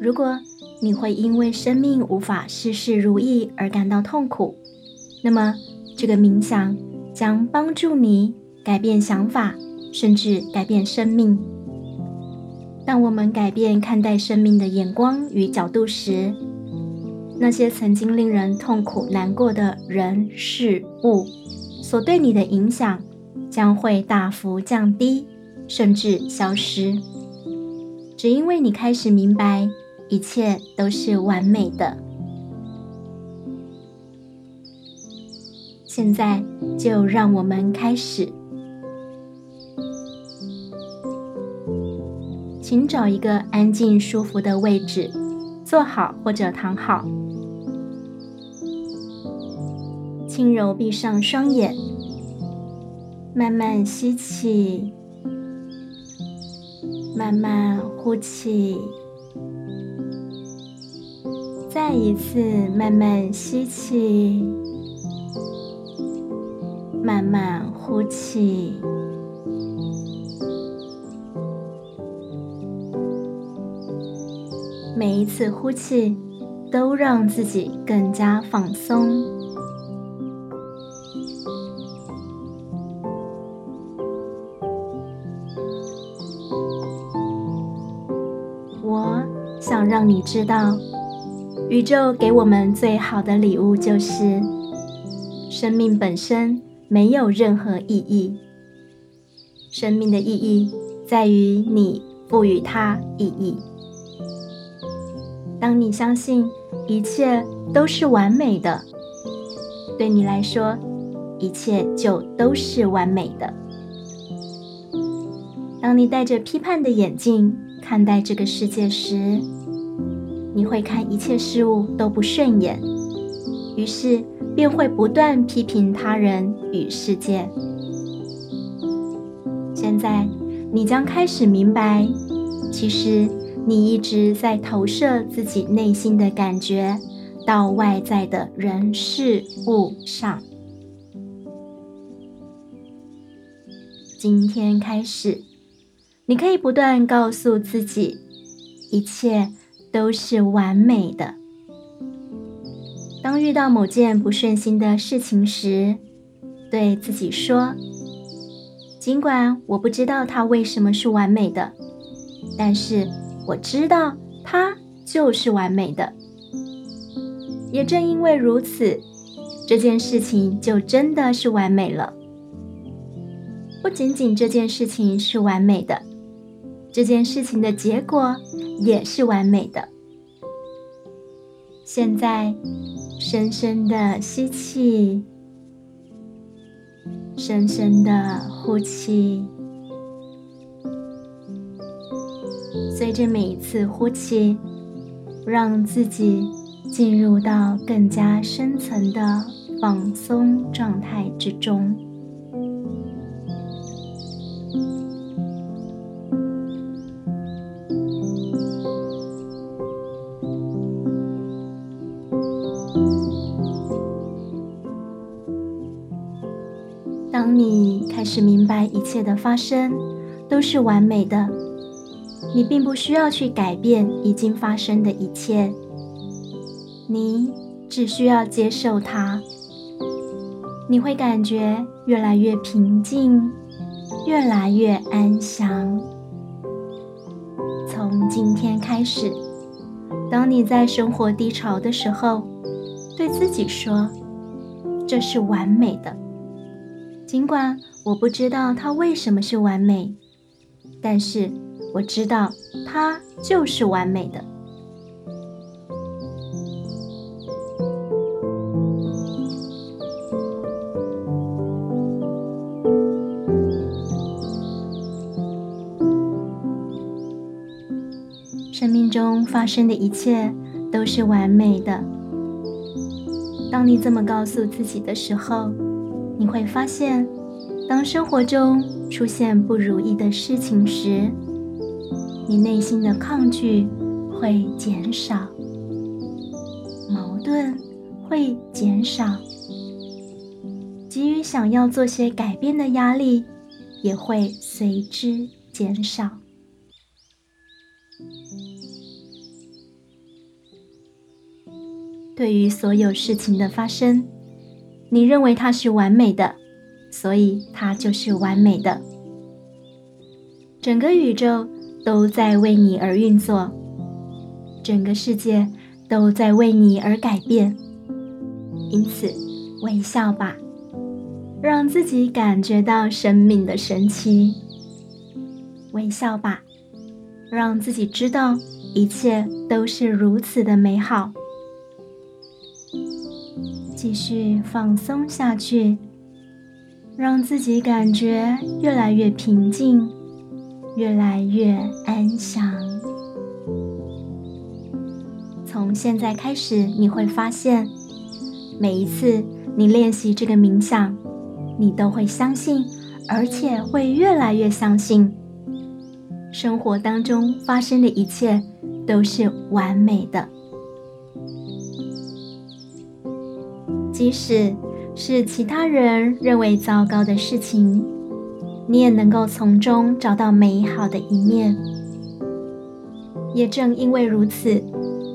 如果你會因為生命無法事事如意而感到痛苦，那麼這個冥想將幫助你改變想法，甚至改變生命。當我們改變看待生命的眼光與角度時，那些曾經令人痛苦難過的人事物所對你的影響將會大幅降低，甚至消失。只因為你開始明白。一切都是完美的。現在就讓我們開始，請找一個安靜、舒服的位置，坐好或者躺好，輕柔閉上雙眼，慢慢吸氣，慢慢呼氣。再一次慢慢吸氣，慢慢呼氣。每一次呼氣，都讓自己更加放鬆。我想讓你知道。宇宙給我們最好的禮物就是，生命本身沒有任何意義。生命的意義在於你賦予它意義。當你相信一切都是完美的，對你來說，一切就都是完美的。當你戴着批判的眼鏡看待這個世界時，你會看一切事物都不順眼，於是便會不斷批評他人與世界。現在，你將開始明白，其實你一直在投射自己內心的感覺到外在的人事物上。今天開始，你可以不斷告訴自己，一切。都是完美的。當遇到某件不順心的事情時，對自己說：“盡管我不知道它為什麼是完美的，但是我知道它就是完美的。”也正因為如此，這件事情就真的是完美了。不僅僅這件事情是完美的，這件事情的結果。也是完美的。現在，深深的吸氣，深深的呼氣。隨着每一次呼氣，讓自己進入到更加深層的放鬆狀態之中。開始明白一切的發生都是完美的，你並不需要去改變已經發生的一切，你只需要接受它。你會感覺越來越平靜，越來越安詳。從今天開始，當你在生活低潮的時候，對自己說：“這是完美的。”儘管我不知道它為什麼是完美，但是我知道它就是完美的。生命中發生的一切都是完美的。當你這麼告訴自己的時候。你會發現，當生活中出現不如意的事情時，你內心的抗拒會減少，矛盾會減少，急於想要做些改變的壓力也會隨之減少。對於所有事情的發生。你認為它是完美的，所以它就是完美的。整個宇宙都在為你而運作，整個世界都在為你而改變。因此，微笑吧，讓自己感覺到生命的神奇。微笑吧，讓自己知道一切都是如此的美好。繼續放鬆下去，讓自己感覺越來越平靜，越來越安詳。從現在開始，你會發現，每一次你練習這個冥想，你都會相信，而且會越來越相信，生活當中發生的一切都是完美的。即使是其他人認為糟糕的事情，你也能夠從中找到美好的一面。也正因為如此，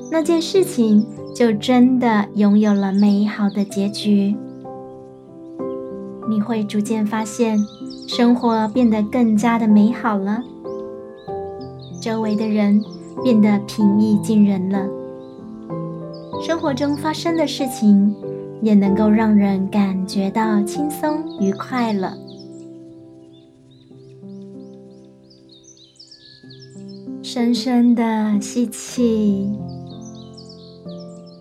那件事情就真的擁有了美好的結局。你會逐漸發現，生活變得更加的美好了，周圍的人變得平易近人了，生活中發生的事情，也能夠讓人感覺到輕鬆、愉快了。深深的吸氣，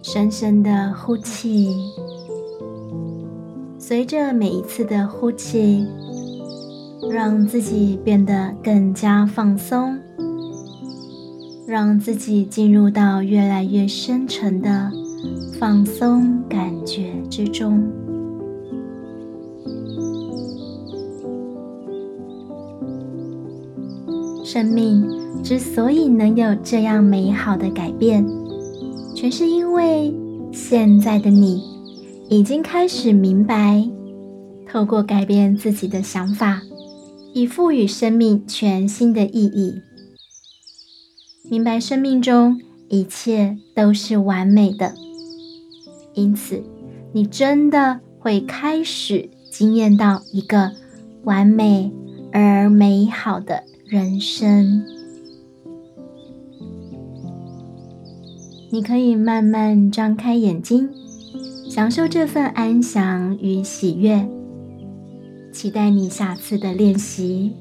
深深的呼氣。隨着每一次的呼氣，讓自己變得更加放鬆，讓自己進入到越來越深沉的。放鬆感覺之中，生命之所以能有這樣美好的改變，全是因為現在的你已經開始明白，透過改變自己的想法，以賦予生命全新的意義，明白生命中一切都是完美的。因此，你真的會開始經驗到一個完美而美好的人生。你可以慢慢張開眼睛，享受這份安詳與喜悅。期待你下次的練習。